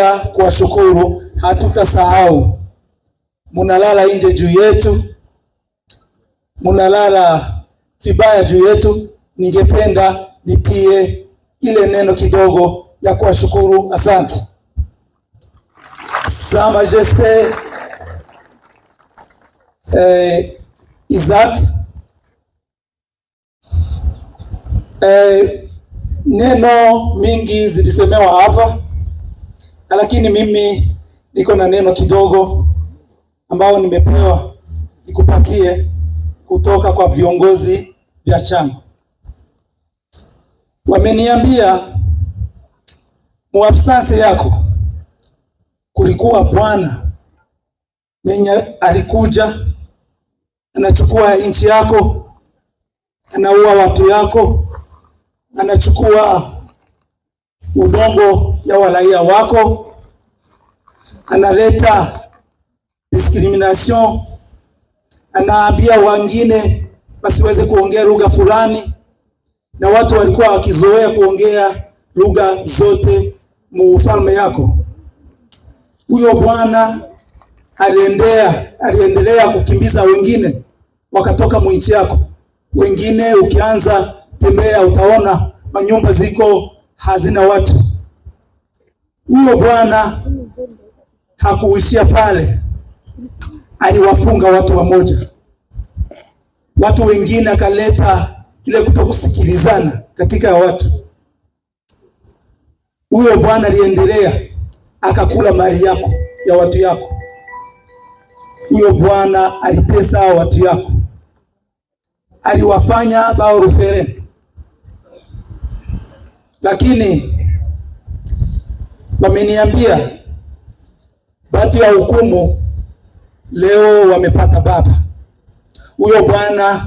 tutaendelea kuwashukuru, hatutasahau. Munalala nje juu yetu, munalala vibaya juu yetu. Ningependa nitie ile neno kidogo ya kuwashukuru asante. Sa Majeste eh, Isaac eh, neno mingi zilisemewa hapa lakini mimi niko na neno kidogo ambao nimepewa nikupatie kutoka kwa viongozi vya chama. Wameniambia muabsanse yako kulikuwa bwana mwenye alikuja anachukua nchi yako, anaua watu yako, anachukua udongo ya waraia wako, analeta discrimination, anaambia wengine wasiweze kuongea lugha fulani, na watu walikuwa wakizoea kuongea lugha zote muufalme yako. Huyo bwana aliendea aliendelea kukimbiza wengine, wakatoka mwinchi yako. Wengine ukianza tembea utaona manyumba ziko hazina watu. Huyo Bwana hakuishia pale, aliwafunga watu wamoja, watu wengine akaleta ile kutokusikilizana katika ya watu. Huyo Bwana aliendelea akakula mali yako ya watu yako. Huyo Bwana alitesa watu yako, aliwafanya bao rufere lakini wameniambia bati ya hukumu leo wamepata baba. Huyo bwana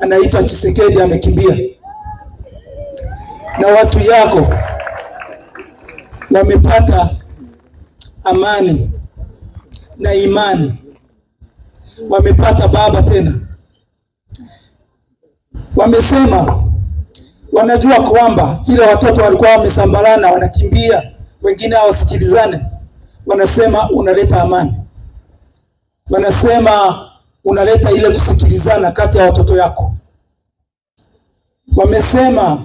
anaitwa Chisekedi amekimbia, na watu yako wamepata amani na imani, wamepata baba tena, wamesema Wanajua kwamba vile watoto walikuwa wamesambalana, wanakimbia, wengine hawasikilizane, wanasema unaleta amani, wanasema unaleta ile kusikilizana kati ya watoto yako. Wamesema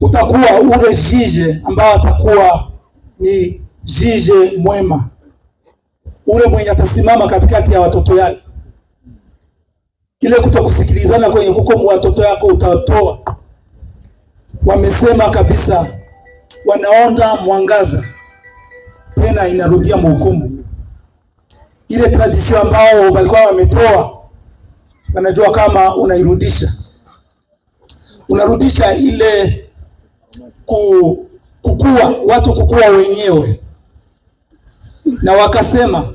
utakuwa ule jije ambaye atakuwa ni jije mwema, ule mwenye atasimama katikati ya watoto yake ile kutokusikilizana kwenye kuko watoto yako utatoa. Wamesema kabisa, wanaonda mwangaza tena, inarudia mhukumu ile tradisio ambao walikuwa wametoa, wanajua kama unairudisha, unarudisha ile kukua, watu kukua wenyewe, na wakasema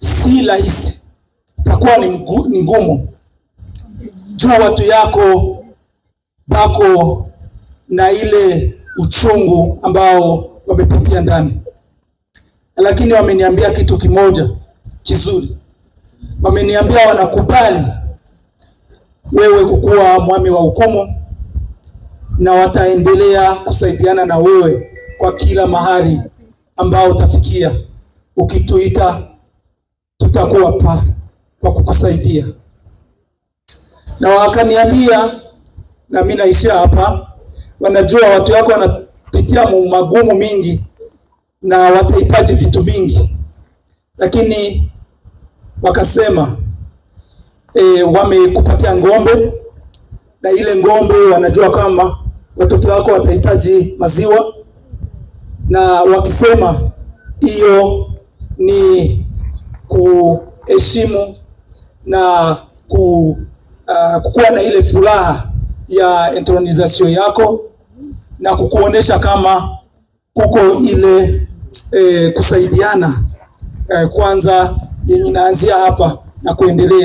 si rahisi, itakuwa ni ngumu jua watu yako bako na ile uchungu ambao wamepitia ndani, lakini wameniambia kitu kimoja kizuri. Wameniambia wanakubali wewe kukuwa mwami wa hukumu na wataendelea kusaidiana na wewe kwa kila mahali ambao utafikia. Ukituita tutakuwa pale kwa kukusaidia na wakaniambia, na mimi naishia hapa. Wanajua watu wako wanapitia magumu mingi na watahitaji vitu vingi, lakini wakasema e, wamekupatia ng'ombe na ile ng'ombe wanajua kama watoto wako watahitaji maziwa, na wakisema hiyo ni kuheshimu na ku uh, kukuwa na ile furaha ya entronization yako na kukuonesha kama kuko ile eh, kusaidiana eh, kwanza yenye inaanzia hapa na kuendelea.